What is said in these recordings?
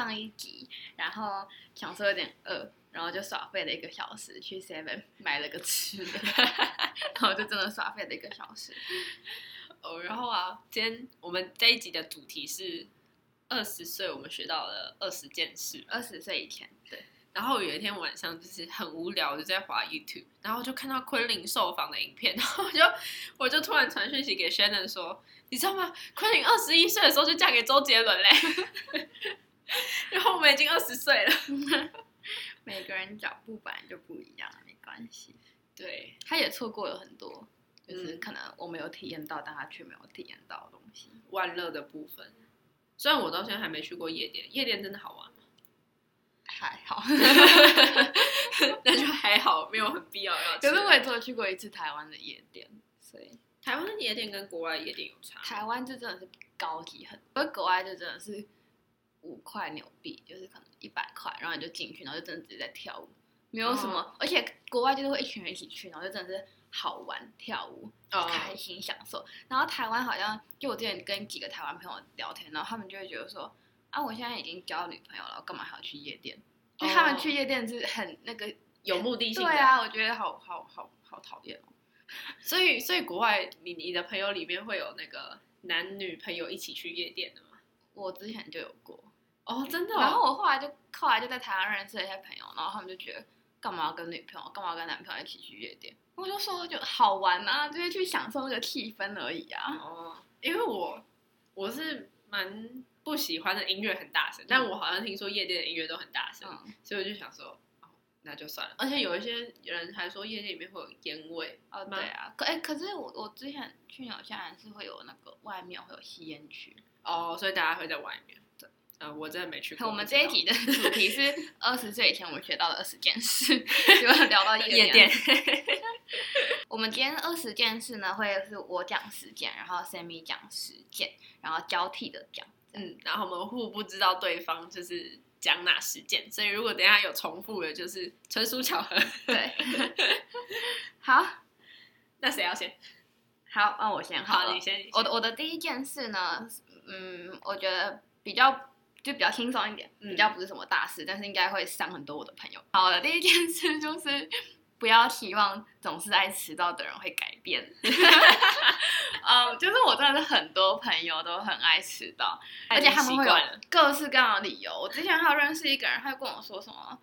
上一集，然後想說有點餓，然後就耍廢了一個小時去 Seven 買了個吃的， 然後就真的耍廢了一個小時。哦、oh,，然後啊，今天我們這一集的主題是二十歲我們學到了二十件事，二十歲以前。對。然後有一天晚上就是很無聊，就在滑 YouTube，然後就看到昆凌受訪的影片，然後我就我就突然傳訊息給 Shannon 說，你知道嗎？昆凌二十一歲的時候就嫁給周杰倫嘞。 然後我們已經二十歲了呵呵，每個人腳步本來就不一樣，沒關係。對，他也錯過了很多，就是可能我沒有體驗到，嗯、但他卻沒有體驗到的東西。玩樂的部分，雖然我到現在還沒去過夜店，夜店真的好玩嗎？還好，那 就還好、嗯，沒有很必要要。可是我也做去過一次台灣的夜店，所以台灣的夜店跟國外的夜店有差。嗯、台灣就真的是高級很，而國外就真的是。五塊紐幣就是可能一百塊，然後你就進去，然後就真的直接在跳舞，沒有什麼、嗯。而且國外就是會一群人一起去，然後就真的是好玩跳舞、嗯，開心享受。然後台灣好像就我之前跟幾個台灣朋友聊天，然後他們就會覺得說啊，我現在已經交了女朋友了，我幹嘛還要去夜店、嗯？就他們去夜店是很那個有目的性的。對啊，我覺得好好好好討厭、哦、 所以所以國外你你的朋友裡面會有那個男女朋友一起去夜店的嗎？我之前就有過。哦，真的、哦。然後我後來就後來就在台灣認識了一些朋友，然後他們就覺得，幹嘛要跟女朋友，幹、嗯、嘛要跟男朋友一起去夜店？我就說就好玩啊，就是去享受那個氣氛而已啊。哦，因為我我是蠻不喜歡的音樂很大聲、嗯，但我好像聽說夜店的音樂都很大聲、嗯，所以我就想說、哦，那就算了。而且有一些人還說夜店裡面會有煙味啊、哦。對啊，可哎、欸，可是我我之前去紐西蘭是會有那個外面會有吸煙區哦，所以大家會在外面。呃，我真的沒去過。我們這一集的主題是二十歲以前我們學到的二十件事，要 聊到一點。 我們今天二十件事呢，會是我講十件，然後 Sammy 講十件，然後交替的講。嗯，然後我們互不知道對方就是講哪十件，所以如果等一下有重複的，就是純屬巧合。對。 好，那誰要先？好，那我先好，好，你先，你先。我的我的第一件事呢，嗯，我覺得比較。就比較輕鬆一點，嗯，比較不是什麼大事，但是應該會傷很多我的朋友。好的，第一件事就是不要期望總是愛遲到的人會改變。嗯 ，um, 就是我真的是很多朋友都很愛遲到，而且他們會有各式各樣的理由。我之前還有認識一個人，他就跟我說什麼，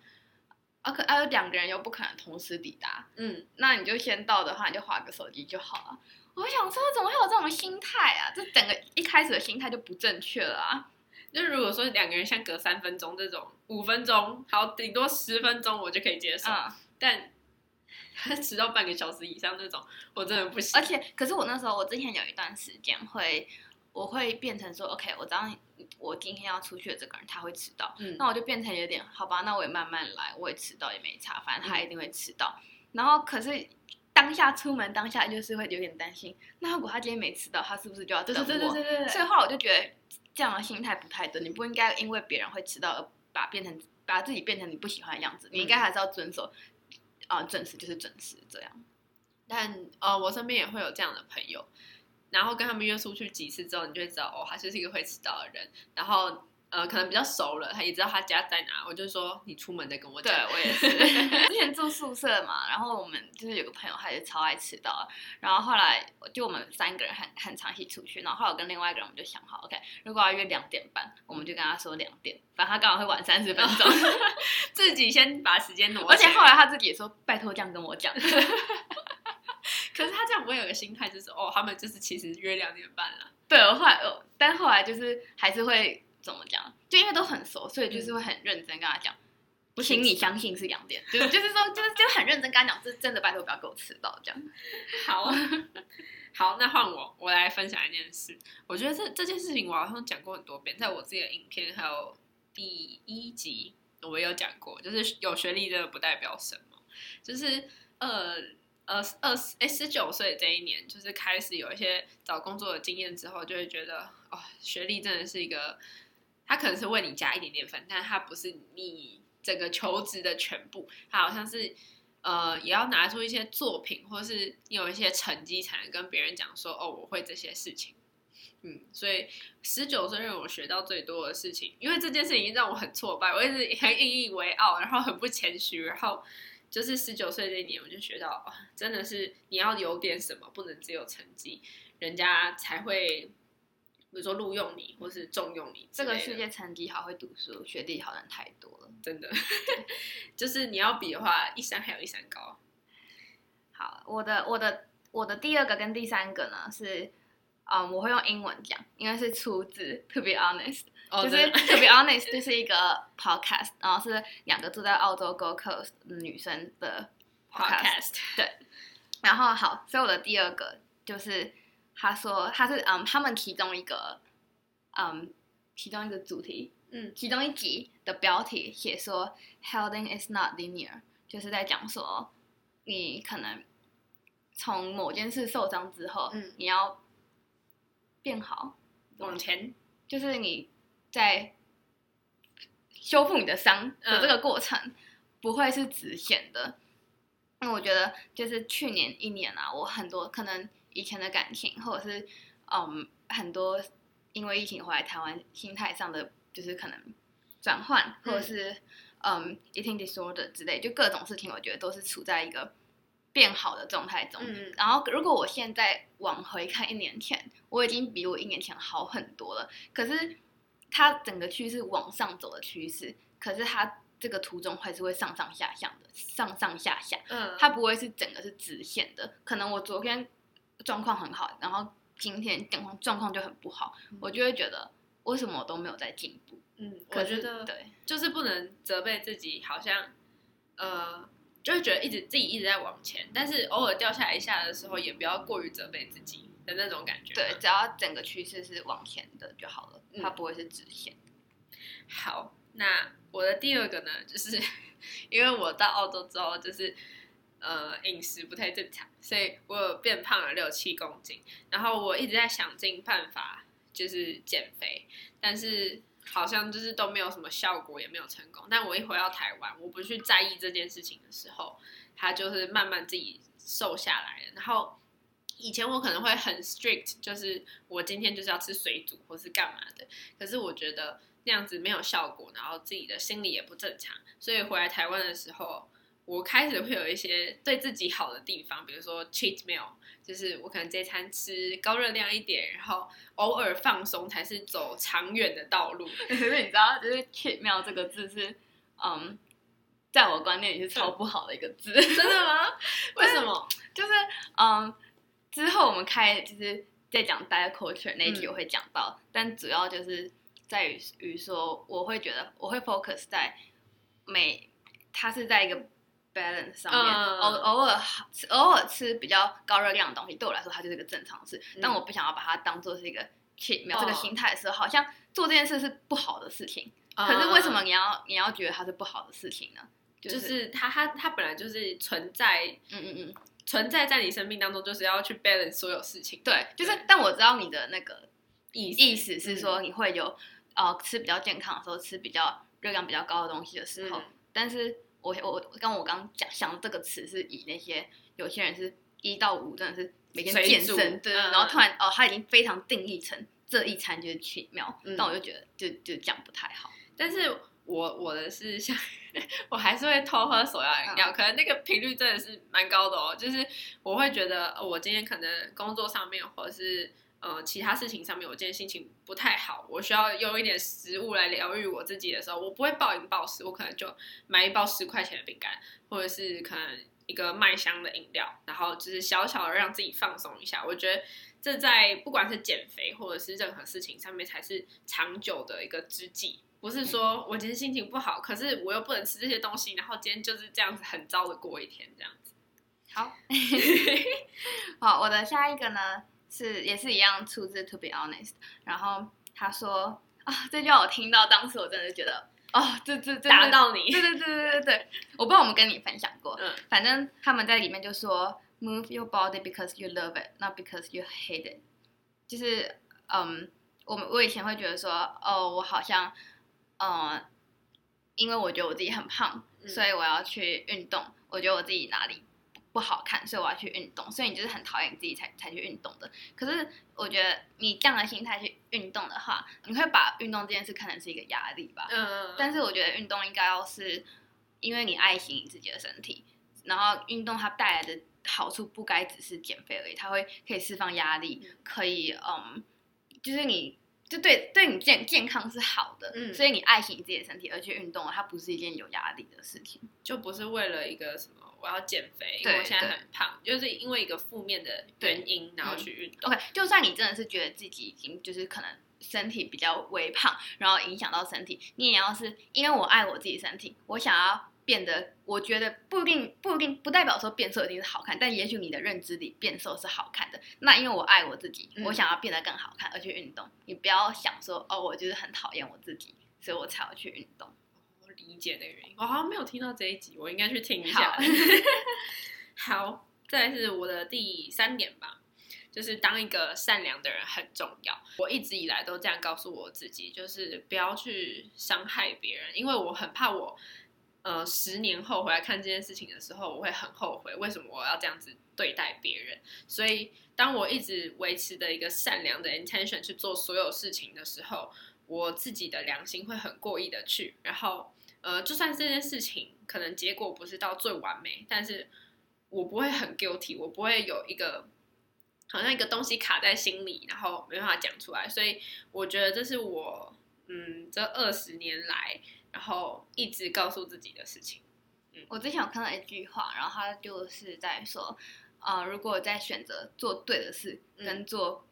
啊可啊，兩個人又不可能同時抵達， 嗯，那你就先到的話，你就滑個手機就好了。我想說，怎麼會有這種心態啊？這整個一開始的心態就不正確了啊！就如果說兩個人相隔三分鐘這種，五分鐘好，頂多十分鐘我就可以接受，uh, 但他遲到半個小時以上這種，我真的不行。而且，可是我那時候，我之前有一段時間會，我會變成說，OK，我知道我今天要出去的這個人他會遲到，嗯、那我就變成有點好吧，那我也慢慢來，我也遲到也沒差，反正他一定會遲到。嗯、然後，可是當下出門當下就是會有點擔心。那如果他今天沒遲到，他是不是就要等我？對對,對,對,對對。所以後來我就覺得。這樣的心態不太對，你不應該因為別人會遲到而把變成把自己變成你不喜歡的樣子，嗯、你應該還是要遵守。啊、呃，準時就是準時這樣。但呃，我身邊也會有這樣的朋友，然後跟他們約出去幾次之後，你就會知道哦，他就是一個會遲到的人，然後。呃，可能比較熟了，他也知道他家在哪。我就說，你出門再跟我講。對我也是， 之前住宿舍嘛，然後我們就是有個朋友，他也超愛遲到。然後後來，就我們三個人很很常一起出去，然後，後來我跟另外一個人我們就想好，OK，如果要約兩點半，嗯，我們就跟他說兩點，反正他剛好會晚三十分鐘，哦、 自己先把時間挪。而且後來他自己也說，拜託這樣跟我講。 可是他這樣不會有個心態，就是哦，他們就是其實約兩點半了，啊。對，後來、哦、但後來就是還是會。怎麼講？就因為都很熟，所以就是會很認真跟他講、嗯。不行，你相信是兩點， 就是就是說，就是、就很認真跟他講，這真的。拜托，不要給我遲到，這樣。好、啊， 好，那換我、嗯，我來分享一件事。我覺得這這件事情我好像講過很多遍，在我自己的影片還有第一集，我也有講過，就是有學歷真的不代表什麼。就是，呃，呃，二十哎十九歲這一年，就是開始有一些找工作的經驗之後，就會覺得，哦，學歷真的是一個。他可能是為你加一點點分，但他不是你整個求職的全部。他好像是呃，也要拿出一些作品，或是你有一些成績，才能跟別人講說：“哦，我會這些事情。”嗯，所以十九歲讓我學到最多的事情，因為這件事已經讓我很挫敗，我一直很引以為傲，然後很不謙虛，然後就是十九歲那一年，我就學到真的是你要有點什麼，不能只有成績，人家才會。比如說錄用你，或是重用你，這個世界成績好、會讀書、學歷好的人太多了，真的。 就是你要比的話，一山還有一山高。好，我的我的我的第二個跟第三個呢是，啊、um,，我會用英文講，因為是出自 To be honest，、oh, 就是 To be honest， 就是一個 Podcast， 然後是兩個住在澳洲 Gold Coast 女生的 podcast, podcast。對。然後好，所以我的第二個就是。他說：“他是嗯，um, 他們其中一個，嗯、um,，其中一個主題，嗯，其中一集的標題寫說 Healing is not linear’，就是在講說，你可能從某件事受傷之後，嗯，你要變好，往前，就是你在修復你的傷的這個過程、嗯、不會是直線的。那我覺得就是去年一年啊，我很多可能。”以前的感情，或者是嗯很多因為疫情回來台灣心態上的就是可能轉換，或者是嗯 eating disorder 之類，就各種事情，我覺得都是處在一個變好的狀態中。嗯。然後如果我現在往回看一年前，我已經比我一年前好很多了。可是它整個趨勢往上走的趨勢，可是它這個途中還是會上上下下的，上上下下，嗯，它不會是整個是直線的，可能我昨天。狀況很好，然後今天狀況狀況就很不好，嗯、我就會覺得為什麼我都沒有在進步？嗯，我覺得對，就是不能責備自己，好像呃，就會覺得一直自己一直在往前，但是偶爾掉下來一下的時候，也不要過於責備自己的那種感覺。對，只要整個趨勢是往前的就好了，它不會是直線，嗯。好，那我的第二個呢，嗯、就是因為我到澳洲之後就是。呃，飲食不太正常，所以我有變胖了六七公斤。然後我一直在想盡辦法，就是減肥，但是好像就是都沒有什麼效果，也沒有成功。但我一回到台灣，我不去在意這件事情的時候，他就是慢慢自己瘦下來了。然後以前我可能會很 strict，就是我今天就是要吃水煮或是幹嘛的，可是我覺得那樣子沒有效果，然後自己的心理也不正常，所以回來台灣的時候。我開始會有一些對自己好的地方，比如說 cheat meal，就是我可能這餐吃高熱量一點，然後偶爾放鬆才是走長遠的道路。可 是你知道，就是 cheat meal 這個字是，嗯，在我的觀念裡是超不好的一個字。嗯、 真的嗎？ 為什麼？就是嗯，之後我們開就是在講 diet culture 那一集我會講到，嗯，但主要就是在於於說，我會覺得我會 focus 在每它是在一個 balance 上面，uh, 偶偶爾吃，偶爾吃比較高熱量的東西，對我來說它就是個正常的事、嗯。但我不想要把它當做是一個 keep，、uh, 這個心態是好像做這件事是不好的事情。Uh, 可是為什麼你要你要覺得它是不好的事情呢？就是、就是、它它它本來就是存在，嗯嗯嗯，存在在你生命當中，就是要去 balance 所有事情。對,對，就是。但我知道你的那個意意思是說你會有、嗯，呃，吃比較健康的時候，吃比較熱量比較高的東西的時候，嗯、但是。我我跟我剛剛講想這個詞是以那些，有些人是一到五真的是每天健身，對、嗯、然後突然哦他已經非常定義成這一餐就是奇妙，嗯、但我就覺得就就講不太好。但是我我的是像我還是會偷喝手搖飲料、嗯，可能那個頻率真的是蠻高的哦，就是我會覺得我今天可能工作上面或者是。呃，其他事情上面，我今天心情不太好，我需要用一點食物來療癒我自己的時候，我不會暴飲暴食，我可能就買一包十塊錢的餅乾，或者是可能一個麥香的飲料，然後就是小小的讓自己放鬆一下。我覺得這在不管是減肥或者是任何事情上面才是長久的一個之計，不是說我今天心情不好，嗯，可是我又不能吃這些東西，然後今天就是這樣子很糟的過一天這樣子。好， 好，我的下一個呢？是，也是一樣，出自 To Be Honest。然後他說：“啊，這句話我聽到，當時我真的覺得，哦，這這這，打到你，對對對對對對，對，對，對。我不知道我們跟你分享過，嗯，反正他們在裡面就說，Move your body because you love it, not because you hate it。就是，嗯，我們我以前會覺得說，哦，我好像，嗯，因為我覺得我自己很胖，嗯、所以我要去運動。我覺得我自己哪裡”不好看，所以我要去運動，所以你就是很討厭你自己才才去運動的。可是我覺得你這樣的心態去運動的話，你會把運動這件事看成是一個壓力吧？嗯、呃。但是我覺得運動應該要是因為你愛惜你自己的身體，然後運動它帶來的好處不該只是減肥而已，它會可以釋放壓力，可以嗯，就是你就對對你健健康是好的。嗯。所以你愛惜你自己的身體而去，而且運動它不是一件有壓力的事情，就不是為了一個什麼。我要減肥，因為我現在很胖，就是因為一個負面的原因，對，然後去運動。嗯，OK，就算你真的是覺得自己已經就是可能身體比較微胖，然後影響到身體，你也要是因為我愛我自己身體，我想要變得，我覺得不一定不一定，不代表說變瘦一定是好看，但也許你的認知裡變瘦是好看的。那因為我愛我自己，嗯，我想要變得更好看，而去運動。你不要想說哦，我就是很討厭我自己，所以我才要去運動。理解的原因，我好像沒有聽到這一集，我應該去聽一下。好， 好再是我的第三點吧，就是當一個善良的人很重要。我一直以來都這樣告訴我自己，就是不要去傷害別人，因為我很怕我，呃，十年後回來看這件事情的時候，我會很後悔為什麼我要這樣子對待別人。所以，當我一直維持著一個善良的 intention 去做所有事情的時候，我自己的良心會很過意的去，然後。呃，就算是這件事情可能結果不是到最完美，但是我不會很 guilty，我不會有一個好像一個東西卡在心裡，然後沒辦法講出來。所以我覺得這是我嗯這二十年來，然後一直告訴自己的事情，嗯。我之前有看到一句話，然後他就是在說，啊，呃，如果在選擇做對的事跟做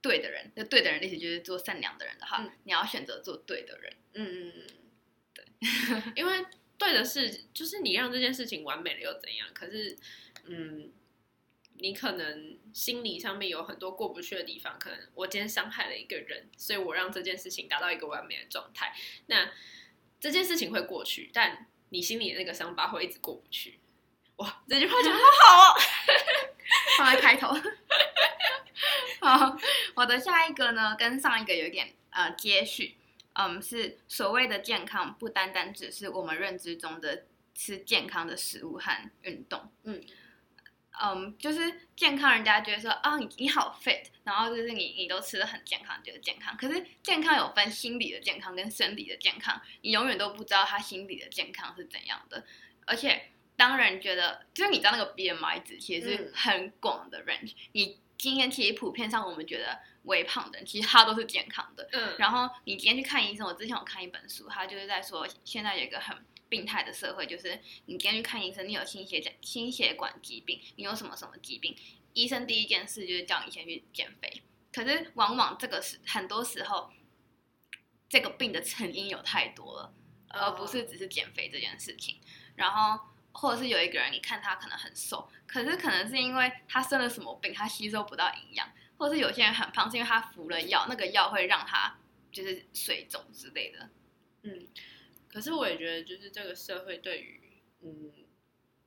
對的人，那，嗯，對的人意思就是做善良的人的話，嗯，你要選擇做對的人。嗯嗯。 因為對的是，就是你讓這件事情完美了又怎樣？可是，嗯，你可能心理上面有很多過不去的地方。可能我今天傷害了一個人，所以我讓這件事情達到一個完美的狀態。 那這件事情會過去，但你心裡的那個傷疤會一直過不去。哇，這句話講、就是啊、好好哦， 放在開頭。 好，我的下一個呢，跟上一個有點呃接續。嗯、um,，是所謂的健康，不單單只是我們認知中的吃健康的食物和運動。嗯嗯，就是健康，人家覺得說啊，你你好 fit，然後就是你你都吃得很健康，覺得健康。可是健康有分心理的健康跟生理的健康，你永遠都不知道他心理的健康是怎樣的。而且，當然覺得就是你知道那個 BMI 值其實是很廣的 range，、mm. 你。今天其實普遍上，我們覺得微胖的人其實他都是健康的。嗯，然後你今天去看醫生，我之前有看一本書，他就是在說，現在有一個很病態的社會，就是你今天去看醫生，你有心血心血管疾病，你有什麼什麼疾病，醫生第一件事就是叫你先去減肥。可是往往這個是很多時候，這個病的成因有太多了，而不是只是減肥這件事情。然後。或者是有一個人，你看他可能很瘦，可是可能是因為他生了什麼病，他吸收不到營養，或者是有些人很胖，是因為他服了藥，那個藥會讓他就是水腫之類的。嗯，可是我也覺得，就是這個社會對於，嗯，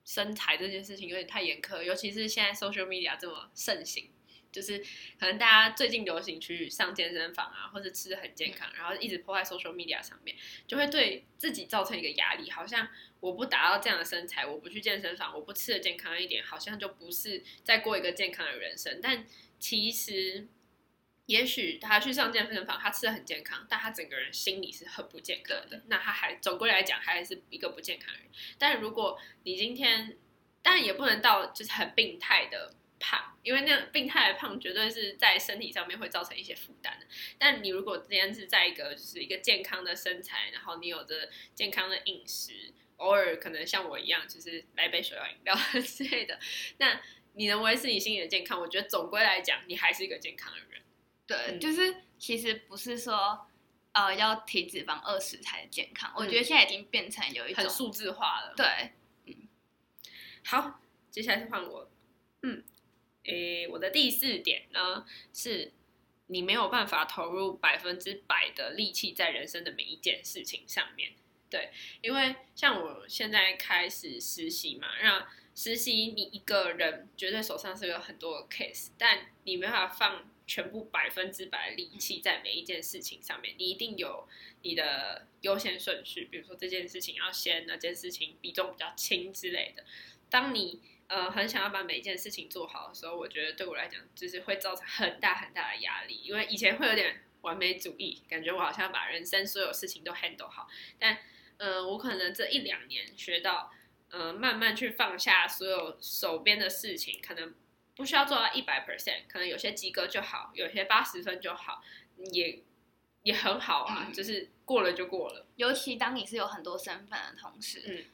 身材這件事情有點太嚴苛，尤其是現在 social media 這麼盛行。就是可能大家最近流行去上健身房啊，或者吃的很健康，然後一直 po 在 social media 上面，就會對自己造成一個壓力。好像我不達到這樣的身材，我不去健身房，我不吃的健康一點，好像就不是再過一個健康的人生。但其實，也許他去上健身房，他吃的很健康，但他整個人心理是很不健康的。那他還總歸來講還是一個不健康的人。但如果你今天，當然也不能到就是很病態的胖。因為那樣病態的胖絕對是在身體上面會造成一些負擔的。但你如果今天是在一個就是一個健康的身材，然後你有着健康的飲食，偶爾可能像我一樣，就是來杯水、飲料之類的，那你能維持你心理的健康，我覺得總歸來講，你還是一個健康的人。對，嗯、就是其實不是說呃要體脂肪二十才健康，我覺得現在已經變成有一種、嗯、很數字化了。對，嗯。好，接下來是換我。嗯。誒，我的第四點呢，是你沒有辦法投入百分之百的力氣在人生的每一件事情上面。對，因為像我現在開始實習嘛，讓實習你一個人絕對手上是有很多的 case，但你沒辦法放全部百分之百的力氣在每一件事情上面，你一定有你的優先順序，比如說這件事情要先，那件事情比重比較輕之類的。當你呃，很想要把每一件事情做好的時候，我覺得對我來講，就是會造成很大很大的壓力。因為以前會有點完美主義，感覺我好像把人生所有事情都 handle 好。但，呃，我可能這一兩年學到，呃，慢慢去放下所有手邊的事情，可能不需要做到一百 percent，可能有些及格就好，有些八十分就好，也也很好啊，嗯。就是過了就過了。尤其當你是有很多身份的同時。嗯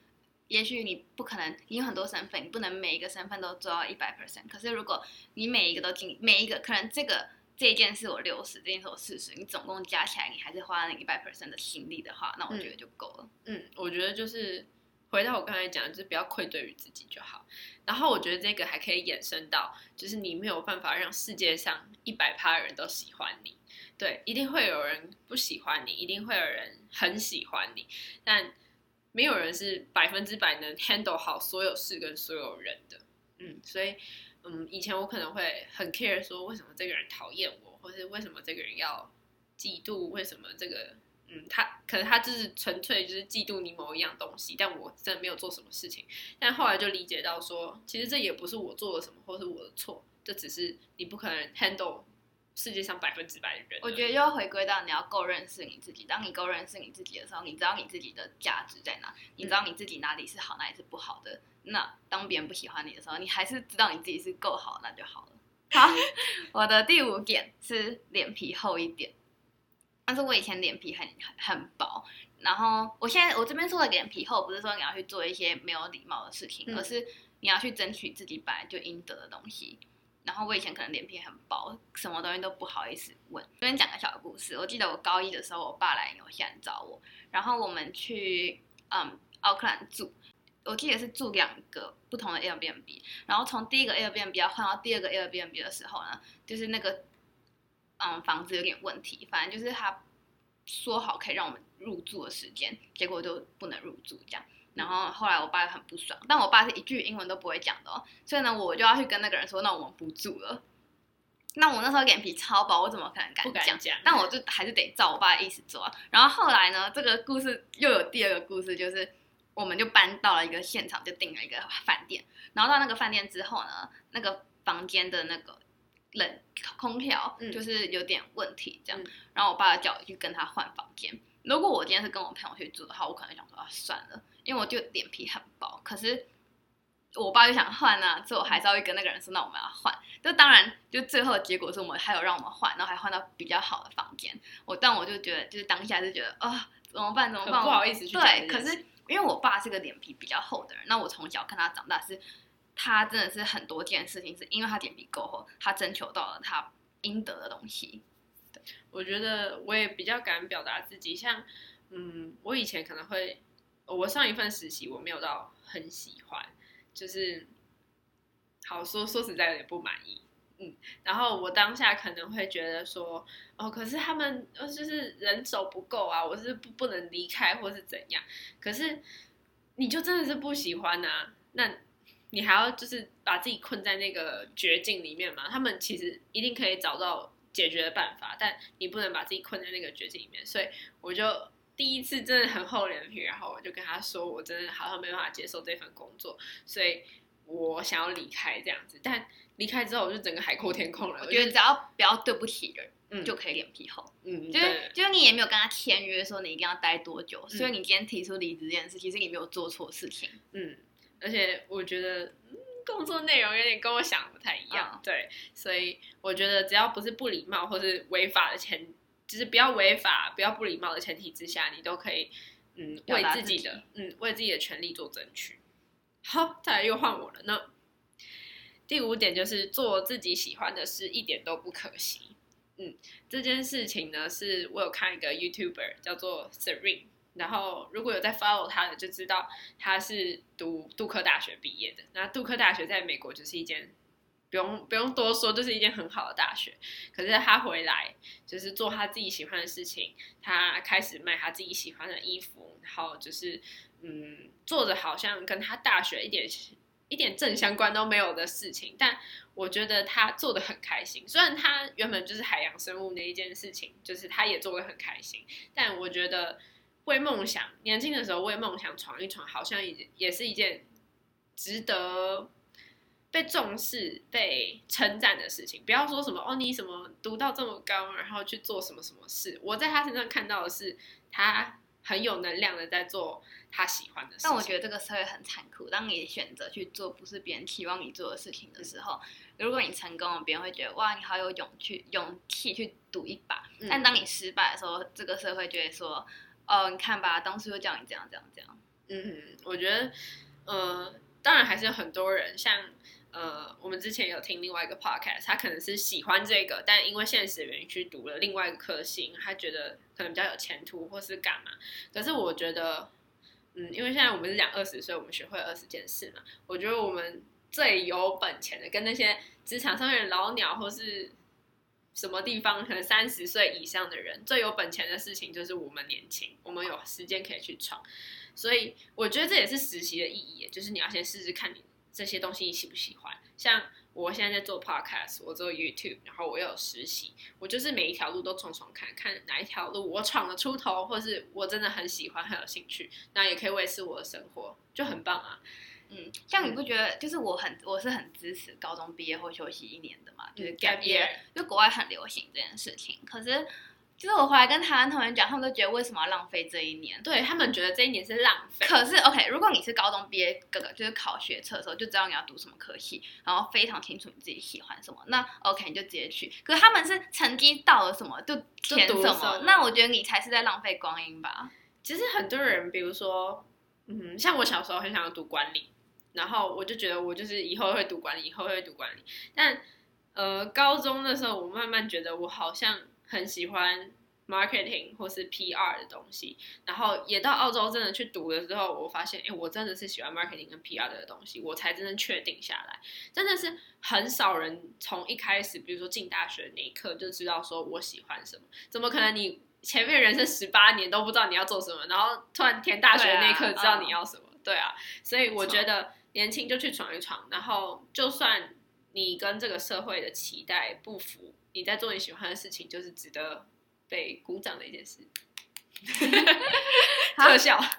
也許你不可能你有很多身份，你不能每一個身份都做到一百 percent。可是如果你每一個都進，每一個可能這個這件是我六十，這件是我四十，你總共加起來你還是花了一百 percent 的心力的話，那我覺得就夠了嗯。嗯，我覺得就是回到我剛才講，就是不要愧對於自己就好。然後我覺得這個還可以衍生到，就是你沒有辦法讓世界上一百趴的人都喜歡你，對，一定會有人不喜歡你，一定會有人很喜歡你，但。沒有人是百分之百能 handle 好所有事跟所有人的，嗯，所以，嗯，以前我可能會很 care 說，為什麼這個人討厭我，或是為什麼這個人要嫉妒，為什麼這個，嗯，他可能他就是純粹就是嫉妒你某一樣東西，但我真的沒有做什麼事情，但後來就理解到說，其實這也不是我做了什麼，或是我的錯，這只是你不可能 handle 世界上百分之百的人。我覺得又要回歸到你要夠認識你自己。當你夠認識你自己的時候，你知道你自己的價值在哪，你知道你自己哪裡是好，嗯、哪裡是不好的。那當別人不喜歡你的時候，你還是知道你自己是夠好，那就好了。好， 我的第五點是臉皮厚一點。但是我以前臉皮很很薄，然後我現在我這邊說的臉皮厚，不是說你要去做一些沒有禮貌的事情，嗯、而是你要去爭取自己本來就應得的東西。然後我以前可能臉皮很薄，什麼東西都不好意思問。先講個小故事，我記得我高一的時候，我爸來紐西蘭找我，然後我們去嗯奧克蘭住，我記得是住兩個不同的 Airbnb，然後從第一個 Airbnb 要換到第二個 Airbnb 的時候呢，就是那個嗯房子有點問題，反正就是他說好可以讓我們入住的時間，結果就不能入住這樣。然後後來我爸很不爽，但我爸是一句英文都不會講的、哦，所以呢我就要去跟那個人說，那我們不住了。那我那時候臉皮超薄，我怎麼可能敢講，不敢講？但我就還是得照我爸的意思做、啊。然後後來呢，這個故事又有第二個故事，就是我們就搬到了一個現場，就訂了一個飯店。然後到那個飯店之後呢，那個房間的那個冷空調就是有點問題，這樣、嗯，然後我爸叫我去跟他換房間。如果我今天是跟我朋友去住的話，我可能想說啊，算了，因為我就臉皮很薄。可是我爸就想換啊，所以我還是要跟那個人說，那我們要換，就當然就最後的結果是我們還有讓我們換，然後還換到比較好的房間。我但我就覺得就是當下就覺得啊、哦，怎麼辦？怎麼辦？不好意思去講。對，可是因為我爸是個臉皮比較厚的人，那我從小看他長大是，他真的是很多件事情是因為他臉皮夠厚，他徵求到了他應得的東西。我覺得我也比較敢表達自己，像，嗯，我以前可能會，我上一份實習我沒有到很喜歡，就是，好說說實在有點不滿意，嗯，然後我當下可能會覺得說，哦，可是他們就是人手不夠啊，我是不不能離開或是怎樣，可是你就真的是不喜歡啊，那你還要就是把自己困在那個絕境裡面嘛？他們其實一定可以找到。解決的辦法，但你不能把自己困在那個絕境裡面，所以我就第一次真的很厚臉皮，然後我就跟他說，我真的好像沒辦法接受這份工作，所以我想要離開這樣子。但離開之後，我就整個海闊天空了，嗯。我覺得只要不要對不起人，嗯，就可以臉皮厚。嗯，就是就是你也沒有跟他簽約說你一定要待多久，嗯，所以你今天提出離職這件事，其實你沒有做錯事情。嗯，而且我覺得。工作內容有點跟我想不太一樣，oh. 對，所以我覺得只要不是不禮貌或是違法的前，就是不要違法、不要不禮貌的前提之下，你都可以，嗯，為自己的，嗯，為自己的權利做爭取。好，再來又換我了。那第五點就是做自己喜歡的事，一點都不可惜。嗯，這件事情呢，是我有看一個 YouTuber 叫做 Siri。然後，如果有在 follow 他的，就知道他是讀杜克大學畢業的。那杜克大學在美國就是一間，不用不用多說，就是一間很好的大學。可是他回來就是做他自己喜歡的事情，他開始賣他自己喜歡的衣服，然後就是嗯，做着好像跟他大學一點一點正相關都沒有的事情。但我覺得他做的很開心。雖然他原本就是海洋生物那一件事情，就是他也做的很開心，但我覺得。為夢想，年輕的時候為夢想闖一闖，好像也也是一件值得被重視、被稱讚的事情。不要說什麼哦，你什麼讀到這麼高，然後去做什麼什麼事。我在他身上看到的是，他很有能量的在做他喜歡的事。但我覺得這個社會很殘酷，當你選擇去做不是別人期望你做的事情的時候，如果你成功了，別人會覺得哇，你好有勇氣，勇氣去賭一把。但當你失敗的時候，嗯、這個社會就會說。哦，你看吧，當時就這樣，這樣，這樣，這樣。嗯，我覺得，呃，當然還是有很多人，像呃，我們之前有聽另外一個 podcast，他可能是喜歡這個，但因為現實的原因去讀了另外一個科系，他覺得可能比較有前途，或是幹嘛。可是我覺得，嗯，因為現在我們是講二十歲，我們學會二十件事嘛，我覺得我們最有本錢的，跟那些職場上面的老鳥或是。什麼地方？可能三十歲以上的人最有本錢的事情就是我們年輕，我們有時間可以去闖。所以我覺得這也是實習的意義，就是你要先試試看你這些東西你喜不喜歡。像我現在在做 podcast，我做 YouTube，然後我又有實習，我就是每一條路都闖闖看看哪一條路我闖了出頭，或是我真的很喜歡很有興趣，那也可以維持我的生活，就很棒啊。嗯，像你不覺得就是我很我是很支持高中畢業後休息一年的嘛？就是 gap year，、嗯、就國外很流行這件事情、嗯。可是，就是我回來跟台灣同學講，他們都覺得為什麼要浪費這一年？對，他們覺得這一年是浪費。嗯、可是，OK，如果你是高中畢業，哥哥，就是考學測的時候就知道你要讀什麼科系，然後非常清楚你自己喜歡什麼，那 OK 你就直接去。可是他們是成績到了什麼就填什麼讀，那我覺得你才是在浪費光陰吧。其實很多人，比如說，嗯，像我小時候很想要讀管理。然後我就覺得我就是以後會讀管理，以後會讀管理。但呃，高中的時候，我慢慢覺得我好像很喜歡 marketing 或是 PR 的東西。然後也到澳洲真的去讀的時候，我發現，哎，我真的是喜歡 marketing 跟 PR 的東西，我才真正確定下來。真的是很少人從一開始，比如說進大學那一刻就知道說我喜歡什麼。怎麼可能你前面人生十八年都不知道你要做什麼，然後突然填大學那一刻知道你要什麼？對啊，對啊對啊，所以我覺得。年輕就去闖一闖，然後就算你跟這個社會的期待不符，你在做你喜歡的事情，就是值得被鼓掌的一件事。好好笑。 好。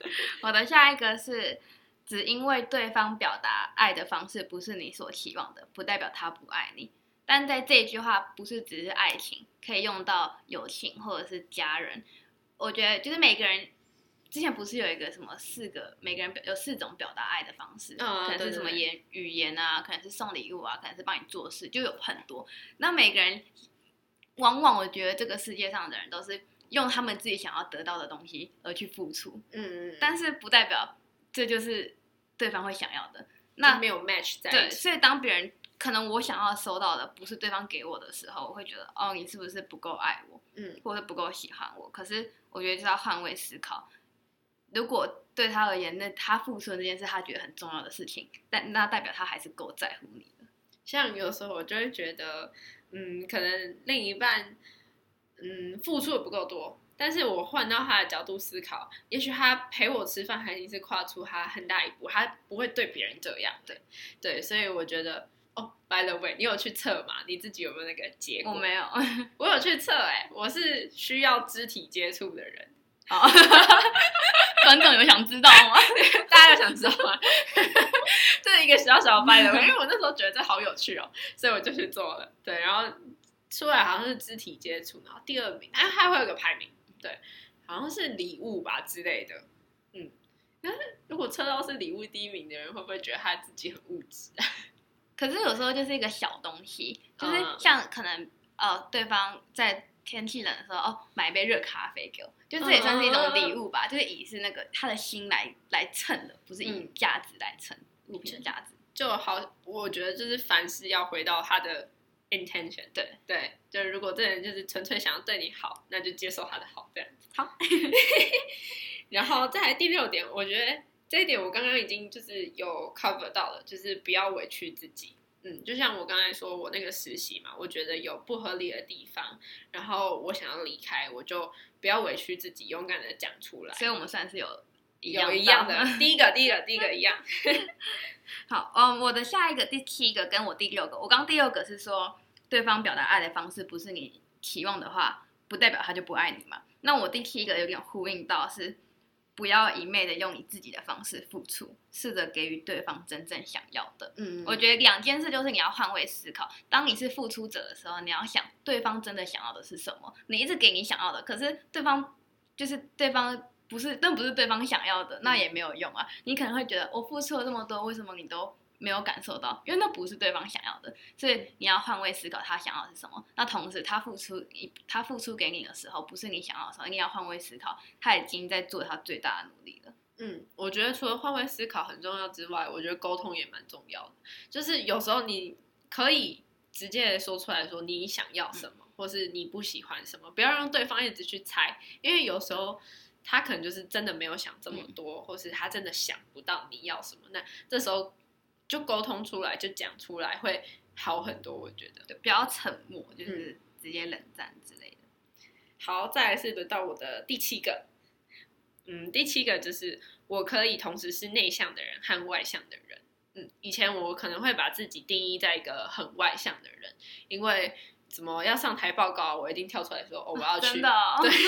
我的，下一個是，只因為對方表達愛的方式不是你所期望的，不代表他不愛你。但在這一句話，不是只是愛情，可以用到友情或者是家人。我覺得就是每個人。之前不是有一個什麼四個每個人有四種表達愛的方式？哦、可能是什麼言對對語言啊，可能是送禮物啊，可能是幫你做事，就有很多。那每個人往往我覺得這個世界上的人都是用他們自己想要得到的東西而去付出，嗯，但是不代表這就是對方會想要的，那沒有 match 在。對，所以當別人可能我想要收到的不是對方給我的時候，我會覺得哦，你是不是不夠愛我，嗯，或是不夠喜歡我？可是我覺得就要換位思考。如果對他而言，那他付出的這件事，他覺得很重要的事情，但那代表他還是夠在乎你的。像有時候我就會覺得，嗯，可能另一半，嗯，付出的不夠多，但是我換到他的角度思考，也許他陪我吃飯，還已經是跨出他很大一步，他不會對別人這樣。對對，所以我覺得，哦，By the way，你有去測嗎？你自己有沒有那個結果？我沒有，我有去測，哎，我是需要肢體接觸的人。好。 文總有想知道嗎？啊、大家有想知道嗎？ 這是一個小小 battle，因為我那時候覺得這好有趣哦，所以我就去做了。對，然後出來好像是肢體接觸，然後第二名，哎、嗯，還會有個排名？對，好像是禮物吧之類的。嗯，但是如果抽到是禮物第一名的人，會不會覺得他自己很物質？可是有時候就是一個小東西，就是像可能、嗯、呃對方在。天氣冷的時候，哦，買一杯熱咖啡給我，就這也算是一種禮物吧，uh, 就是以是那個他的心來來蹭的，不是以價值來蹭，物質價值就好？我覺得就是凡事要回到他的 intention 對。對對就是如果這人就是純粹想要對你好，那就接受他的好這樣子。好。 然後再來第六點，我覺得這一點我剛剛已經就是有 cover 到了，就是不要委屈自己。嗯，就像我剛才說，我那個實習嘛，我覺得有不合理的地方，然後我想要離開，我就不要委屈自己，勇敢的講出來。所以我們算是有一樣有一樣的，第一個，第一個，第一個一樣。 好，嗯，um，我的下一個第七個跟我第六個，我剛第六個是說，對方表達愛的方式不是你期望的話，不代表他就不愛你嘛。那我第七個有點呼應到是。不要一昧的用你自己的方式付出，試着給予對方真正想要的。嗯，我覺得兩件事就是你要換位思考。當你是付出者的時候，你要想對方真的想要的是什麼。你一直給你想要的，可是對方就是對方不是，但不是對方想要的，那也沒有用啊。嗯，你可能會覺得我付出了這麼多，為什麼你都？沒有感受到，因為那不是對方想要的，所以你要換位思考，他想要的是什麼？那同時，他付出一，他付出給你的時候，不是你想要的時候，你要換位思考，他已經在做他最大的努力了。嗯，我覺得除了換位思考很重要之外，我覺得溝通也蠻重要的。就是有時候你可以直接說出來說你想要什麼，嗯、或是你不喜歡什麼，不要讓對方一直去猜，因為有時候他可能就是真的沒有想這麼多，嗯、或是他真的想不到你要什麼。那這時候。就溝通出來，就講出來會好很多，我覺得。對，不要沉默，就是直接冷戰之類的。嗯、好，再來是輪到我的第七個。嗯，第七個就是我可以同時是內向的人和外向的人。嗯，以前我可能會把自己定義在一個很外向的人，因為怎麼要上台報告，我一定跳出來說哦我要去，啊真的哦、對。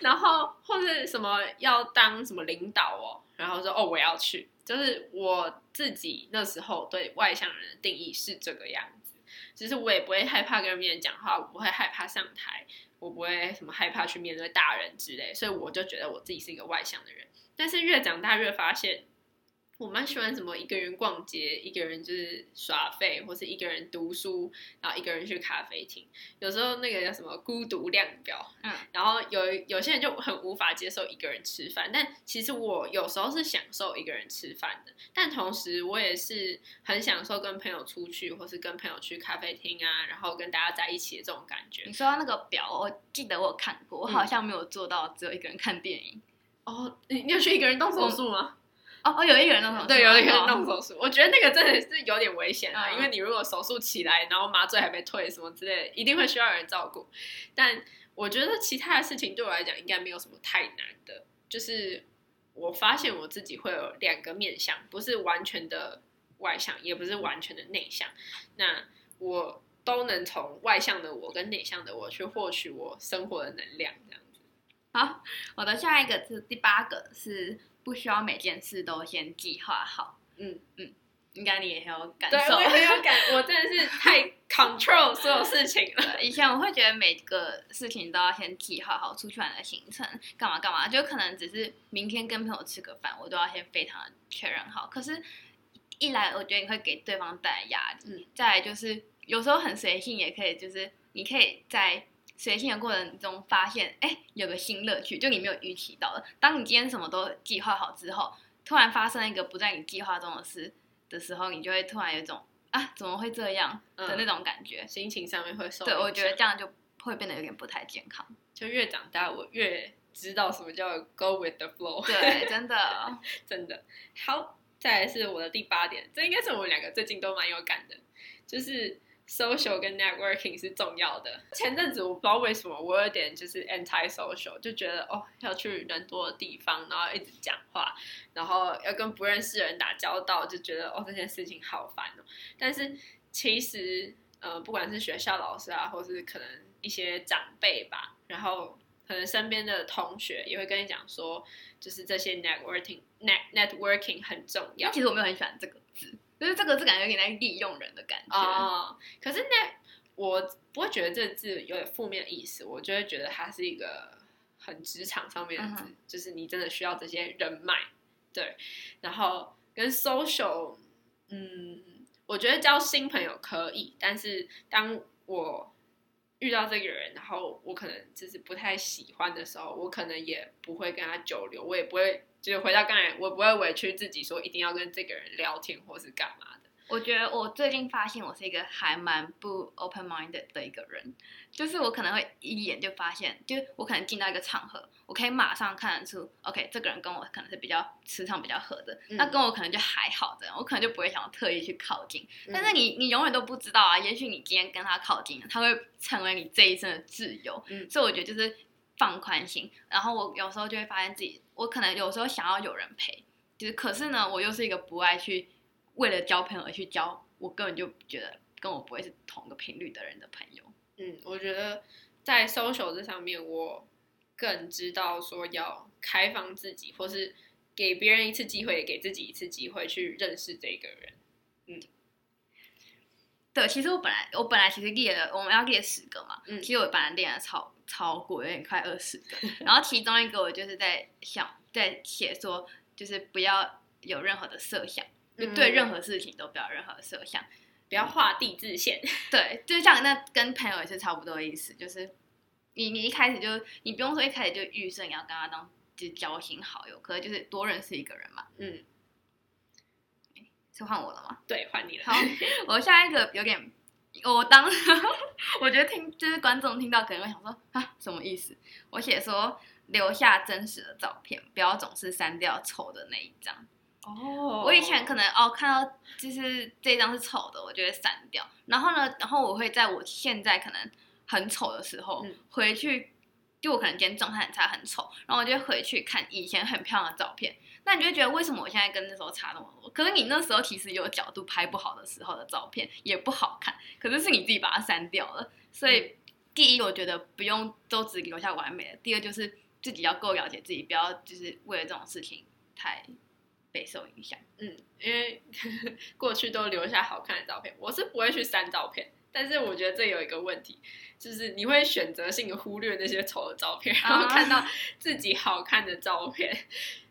然後或者什麼要當什麼領導哦，然後說哦我要去。就是我自己那時候對外向人的定義是這個樣子，其實我也不會害怕跟別人講話，我不會害怕上台，我不會什麼害怕去面對大人之類，所以我就覺得我自己是一個外向的人。但是越長大越發現。我蠻喜歡什麼一個人逛街，一個人就是耍廢，或是一個人讀書，然後一個人去咖啡廳。有時候那個叫什麼孤獨量表，嗯，然後有有些人就很無法接受一個人吃飯，但其實我有時候是享受一個人吃飯的。但同時我也是很享受跟朋友出去，或是跟朋友去咖啡廳啊，然後跟大家在一起的這種感覺。你說到那個表，我記得我看過，我好像沒有做到只有一個人看電影。哦、嗯，oh, 你有去一個人動手術嗎？嗯哦、oh, oh，有一個人弄、啊、對，有一個人弄手術。Oh. 我覺得那個真的是有點危險啊，oh. 因為你如果手術起來，然後麻醉還沒退，什麼之類，一定會需要有人照顧。但我覺得其他的事情對我來講應該沒有什麼太難的。就是我發現我自己會有兩個面向，不是完全的外向，也不是完全的內向。那我都能從外向的我跟內向的我去獲取我生活的能量，這樣子。好、oh，我的，下一個是第八個是。不需要每件事都先計劃好，嗯嗯，應該你也有感受，對，我也有感， 我真的是太 control 所有事情了。以前我會覺得每個事情都要先計劃好，出去玩的行程幹嘛幹嘛，就可能只是明天跟朋友吃個飯，我都要先非常確認好。可是，一來我覺得你會給對方帶來壓力，嗯，再來就是有時候很隨性也可以，就是你可以在。隨性的過程中，發現哎、欸，有個新樂趣，就你沒有預期到的。當你今天什麼都計劃好之後，突然發生一個不在你計劃中的事的時候，你就會突然有一種啊，怎麼會這樣？的那種感覺、嗯，心情上面會受。對，我覺得這樣就會變得有點不太健康。就越長大，我越知道什麼叫 go with the flow。對，真的、哦， 真的。好，再來是我的第八點，這應該是我們兩個最近都蠻有感的，就是。social 跟 networking 是重要的。前陣子我不知道為什麼我有點就是 anti social，就覺得哦，要去人多的地方，然後一直講話，然後要跟不認識的人打交道，就覺得哦，這件事情好煩哦。但是其實呃，不管是學校老師啊，或是可能一些長輩吧，然後可能身邊的同學也會跟你講說，就是這些 networking、net networking 很重要。其實我沒有很喜歡這個字。就是這個字感覺有點在利用人的感覺啊，哦，可是呢，我不會覺得這個字有點負面的意思，我就會覺得它是一個很職場上面的字，嗯，就是你真的需要這些人脈，對，然後跟 social，嗯，我覺得交新朋友可以，但是當我遇到這個人，然後我可能就是不太喜歡的時候，我可能也不會跟他久留，我也不會。就是回到剛才，我不會委屈自己，說一定要跟這個人聊天或是幹嘛的。我覺得我最近發現，我是一個還蠻不 open minded 的一個人，就是我可能會一眼就發現，就是我可能進到一個場合，我可以馬上看得出，OK，這個人跟我可能是比較磁場比較合的，嗯，那跟我可能就還好的，我可能就不會想要特意去靠近。但是你你永遠都不知道啊，也許你今天跟他靠近，他會成為你這一生的摯友。嗯，所以我覺得就是放寬心，然後我有時候就會發現自己。我可能有時候想要有人陪，就是可是呢，我又是一個不愛去為了交朋友而去交，我根本就覺得跟我不會是同個頻率的人的朋友。嗯，我覺得在 social 這上面，我更知道說要開放自己，或是給別人一次機會，給自己一次機會去認識這個人。嗯，對，其實我本來我本來其實列了，我們要列十個嘛，嗯，其實我本來列了超。超過有點快二十個，然後其中一個我就是在想， 在寫說就是不要有任何的設想，嗯，就對任何事情都不要有任何設想，不要畫地自限。嗯。對，就像那跟朋友也是差不多的意思，就是你你一開始就你不用說一開始就預設你要跟他當就是，交心好友，可能就是多認識一個人嘛。嗯，是換我了嗎？對，換你了。好，我下一個有點。我當時 我覺得聽就是觀眾聽到可能會想說啊，什麼意思？我寫說，留下真實的照片，不要總是刪掉醜的那一張。哦、oh.，我以前可能哦看到就是這張是醜的，我就會刪掉。然後呢，然後我會在我現在可能很醜的時候回去。就我可能今天狀態很差，很醜，然後我就回去看以前很漂亮的照片，那你就覺得為什麼我現在跟那時候差那麼多？可是你那時候其實有角度拍不好的時候的照片也不好看，可是是你自己把它刪掉了。所以第一，我覺得不用都只留下完美的；第二，就是自己要夠了解自己，不要就是為了這種事情太備受影響。嗯，因為呵呵過去都留下好看的照片，我是不會去刪照片。但是我覺得這有一個問題，就是你會選擇性的忽略那些醜的照片，啊，然後看到自己好看的照片。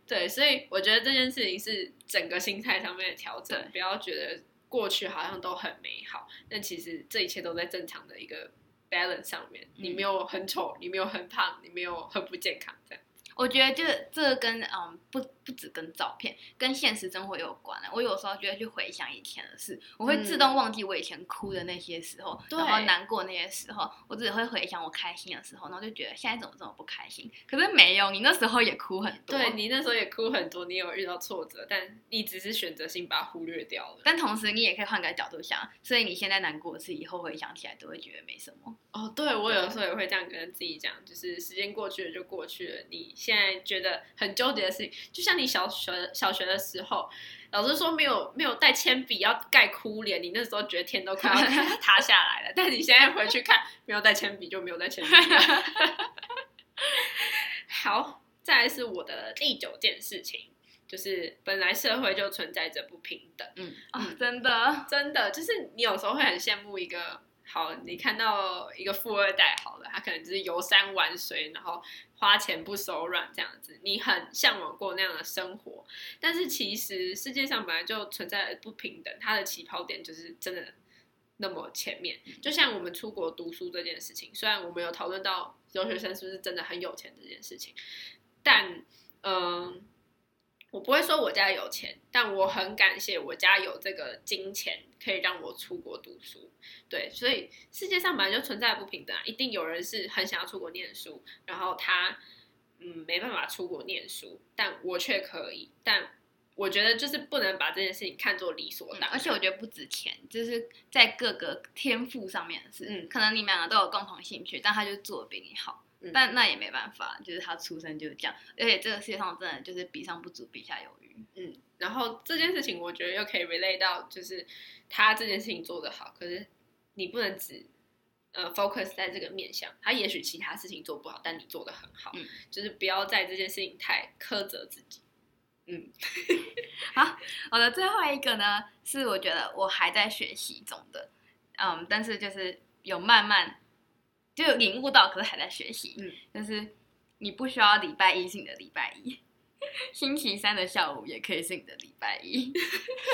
對，所以我覺得這件事情是整個心態上面的調整，不要覺得過去好像都很美好，但其實這一切都在正常的一個 balance 上面。你沒有很醜，你沒有很胖，你沒有很不健康，這樣。我覺得就這個跟嗯不。不止跟照片，跟現實生活有關了啊。我有時候覺得去回想以前的事，我會自動忘記我以前哭的那些時候，嗯，然後難過那些時候，我只會回想我開心的時候，然後就覺得現在怎麼這麼不開心？可是沒有，你那時候也哭很多，對，你那時候也哭很多，你有遇到挫折，但你只是選擇性把它忽略掉了。但同時，你也可以換個角度想，所以你現在難過的事，以後回想起來都會覺得沒什麼。哦，對，我有的時候也會這樣跟自己講，就是時間過去了就過去了，你現在覺得很糾結的事情，就像。你小學小學的時候，老師說沒有沒有帶鉛筆要蓋哭臉，你那時候覺得天都快要塌下來了。 但你現在回去看，沒有帶鉛筆就沒有帶鉛筆。 好，再來是我的第九件事情，就是本來社會就存在着不平等，嗯，啊、哦，真的真的，就是你有時候會很羨慕一個。好，你看到一個富二代，好了，他可能就是遊山玩水，然後花錢不手軟這樣子。你很向往過那樣的生活，但是其實世界上本來就存在不平等，他的起跑點就是真的那麼前面。就像我們出國讀書這件事情，雖然我們有討論到留學生是不是真的很有錢這件事情，但嗯。呃我不會說我家有錢，但我很感謝我家有這個金錢可以讓我出國讀書。對，所以世界上本來就存在不平等，啊，一定有人是很想要出國念書，然後他嗯沒辦法出國念書，但我卻可以。但我覺得就是不能把這件事情看作理所當然，嗯，而且我覺得不只錢，就是在各個天賦上面的事。嗯，可能你們兩個都有共同興趣，但他就做得比你好。但那也沒辦法，嗯、就是他出生就是這樣，而且這個世界上真的就是比上不足，比下有餘。嗯，然後這件事情我覺得又可以 relate 到，就是他這件事情做得好，可是你不能只呃 focus 在這個面向，他也許其他事情做不好，但你做得很好，嗯、就是不要在這件事情太苛責自己。嗯， 好，我的最後一個呢是我覺得我還在學習中的，嗯，但是就是有慢慢。就領悟到，可是還在學習。嗯，但、就是你不需要禮拜，拜一，是你的禮拜一，星期三的下午也可以是你的禮拜一。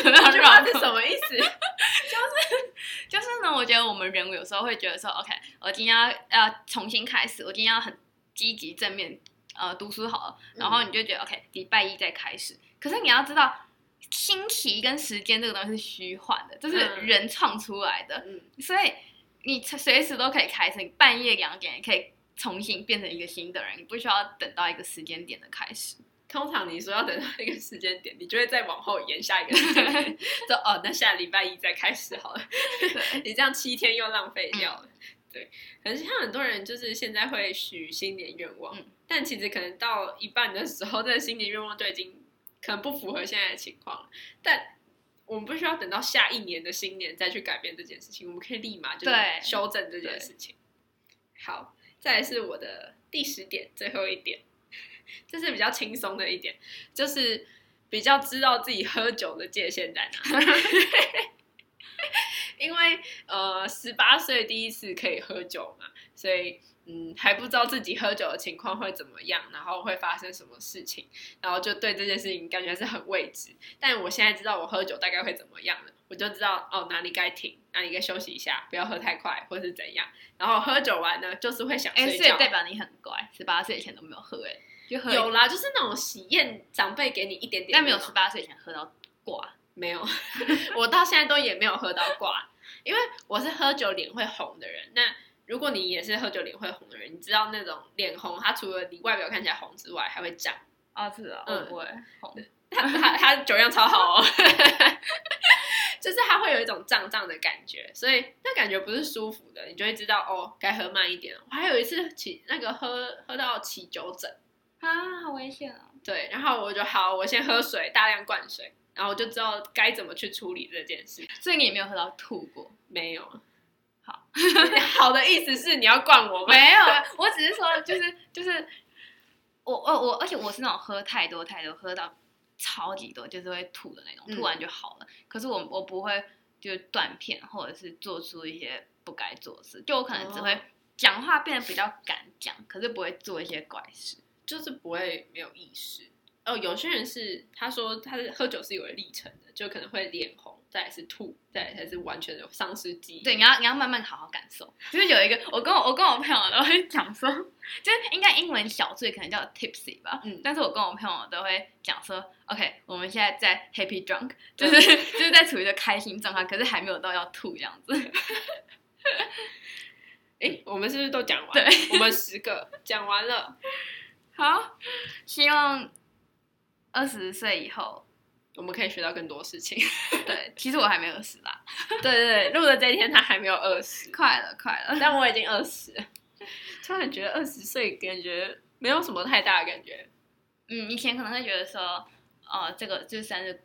這句是什麼意思？就是就是呢，我覺得我們人有時候會覺得說，OK，我今天要、呃、重新開始，我今天要很積極正面，呃，讀書好了。嗯、然後你就覺得，OK，禮拜一再開始。可是你要知道，星期跟時間這個東西是虛幻的，就是人創出來的。嗯，所以。你隨時都可以開始，你半夜兩點也可以重新變成一個新的人，你不需要等到一個時間點的開始。通常你說要等到一個時間點，你就會再往後延下一個時間， 就哦，那下禮拜一再開始好了。 你這樣七天又浪費掉了、嗯。對，可是像很多人就是現在會許新年願望、嗯，但其實可能到一半的時候，這個、新年願望就已經可能不符合現在的情況了。但我們不需要等到下一年的新年再去改變這件事情，我們可以立馬就是修正這件事情。好，再來是我的第十點，最後一點，這是比較輕鬆的一點，就是比較知道自己喝酒的界限在哪。 因為呃，十八歲第一次可以喝酒嘛，所以。嗯，還不知道自己喝酒的情況會怎麼樣，然後會發生什麼事情，然後就對這件事情感覺是很未知。但我現在知道我喝酒大概會怎麼樣了，我就知道哦，哪裡該停，哪裡該休息一下，不要喝太快或是怎樣。然後喝酒完呢，就是會想睡覺。哎、欸，這也代表你很乖，十八歲以前都沒有喝。哎、欸，有啦，就是那種喜宴長輩給你一點點，但沒有十八歲以前喝到掛，沒有， 我到現在都也沒有喝到掛，因為我是喝酒臉會紅的人，那。如果你也是喝酒臉會紅的人，你知道那種臉紅，它除了你外表看起來紅之外，還會漲啊，是、哦、啊，嗯，會紅，他 他酒量超好哦， 就是他會有一種脹脹的感覺，所以那感覺不是舒服的，你就會知道哦，該喝慢一點。我還有一次起那個喝喝到起酒疹啊，好危險啊、哦！對，然後我就好，我先喝水，大量灌水，然後我就知道該怎麼去處理這件事。所以你也沒有喝到吐過？沒有。 好的意思是你要灌我嗎？ 沒有，我只是說、就是，就是就是，我我我，而且我是那種喝太多太多，喝到超級多，就是會吐的那種、嗯，吐完就好了。可是我我不會就斷片，或者是做出一些不該做的事。就我可能只會講話變得比較敢講，可是不會做一些怪事，就是不會沒有意識。哦，有些人是他說他是喝酒是有個歷程的，就可能會臉紅。再來是吐，再來才是完全有喪失記憶。對，你要你要慢慢好好感受。就是有一個，我跟我我跟我朋友都會講說，就是應該英文小醉可能叫 tipsy 吧。嗯。但是我跟我朋友都會講說，OK，我們現在在 happy drunk，就是就是在處於一個開心狀態，可是還沒有到要吐這樣子。哎、 欸，我們是不是都講完了？對，我們十個講完了。好，希望二十歲以後。我們可以學到更多事情。對， 其實我還沒二十啦。 對對對，錄的這一天他還沒有二十， 快了快了，但我已經二十。 突然覺得二十歲感覺沒有什麼太大的感覺。嗯，以前可能會覺得說，哦，這個就是生日，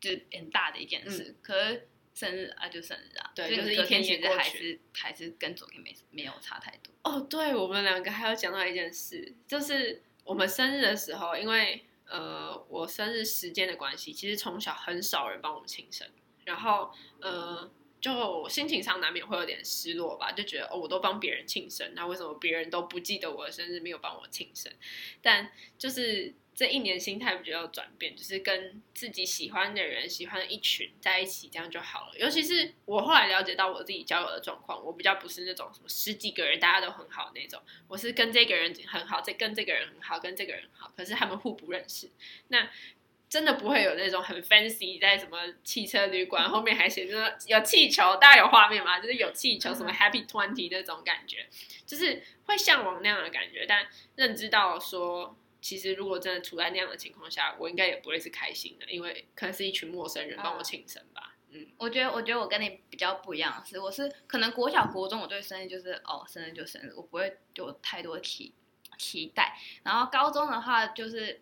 就很大的一件事。嗯，可是生日啊，就生日啊，對，就是一天其實還是還是跟昨天沒沒有差太多。哦，對，我們兩個還要講到一件事，就是我們生日的時候，因為。呃，我生日時間的關係，其實從小很少人幫我慶生，然後呃，就我心情上難免會有點失落吧，就覺得哦，我都幫別人慶生，那為什麼別人都不記得我的生日，沒有幫我慶生？但就是。這一年心態比較轉變，就是跟自己喜歡的人、喜歡一群在一起，這樣就好了。尤其是我後來了解到我自己交友的狀況，我比較不是那種什麼十幾個人大家都很好的那種，我是跟這個人很好，再跟這個人很好，跟這個人好，可是他們互不認識。那真的不會有那種很 fancy，在什麼汽車旅館後面還寫着有氣球，大家有畫面嗎？就是有氣球，什麼 happy twenty 那種感覺，就是會向往那樣的感覺，但認知到說。其實如果真的處在那樣的情況下，我應該也不會是開心的，因為可能是一群陌生人幫我慶生吧。嗯，我覺得我覺得我跟你比較不一樣的是，是我是可能國小國中我對生日就是哦，生日就生日，我不會有太多期期待。然後高中的話就是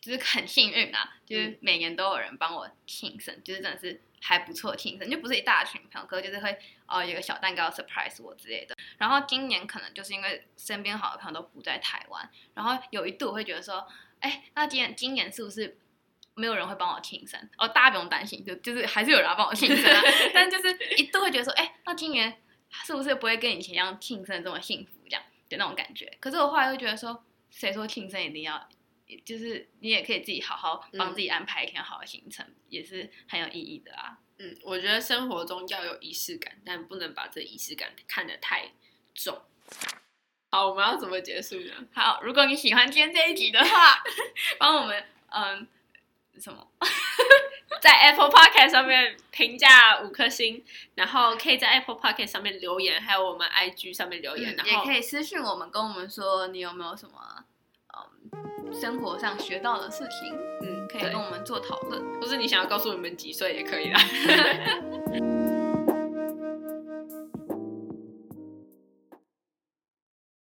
就是很幸運啊，就是每年都有人幫我慶生，嗯，就是真的是。還不錯，慶生就不是一大群朋友，哥就是會哦，有一個小蛋糕 surprise 我之類的。然後今年可能就是因為身邊好的朋友都不在台灣，然後有一度會覺得說，哎、欸，那今年今年是不是沒有人會幫我慶生？哦，大家不用擔心，就就是還是有人要幫我慶生、啊， 但就是一度會覺得說，哎、欸，那今年是不是不會跟以前一樣慶生這麼幸福這樣？就那種感覺。可是我後來又覺得說，誰說慶生一定要？就是你也可以自己好好幫自己安排一天好的行程，嗯，也是很有意義的啊。嗯，我覺得生活中要有儀式感，但不能把這儀式感看得太重。好，我們要怎麼結束呢？好，如果你喜歡今天這一集的話，幫 我們嗯什麼 在 Apple Podcast 上面評價五顆星，然後可以在 Apple Podcast 上面留言，還有我們 IG 上面留言，嗯、然後也可以私信我們，跟我們說你有沒有什麼。生活上學到的事情，嗯，可以跟我們做討論。或是你想要告訴我們幾歲也可以啦。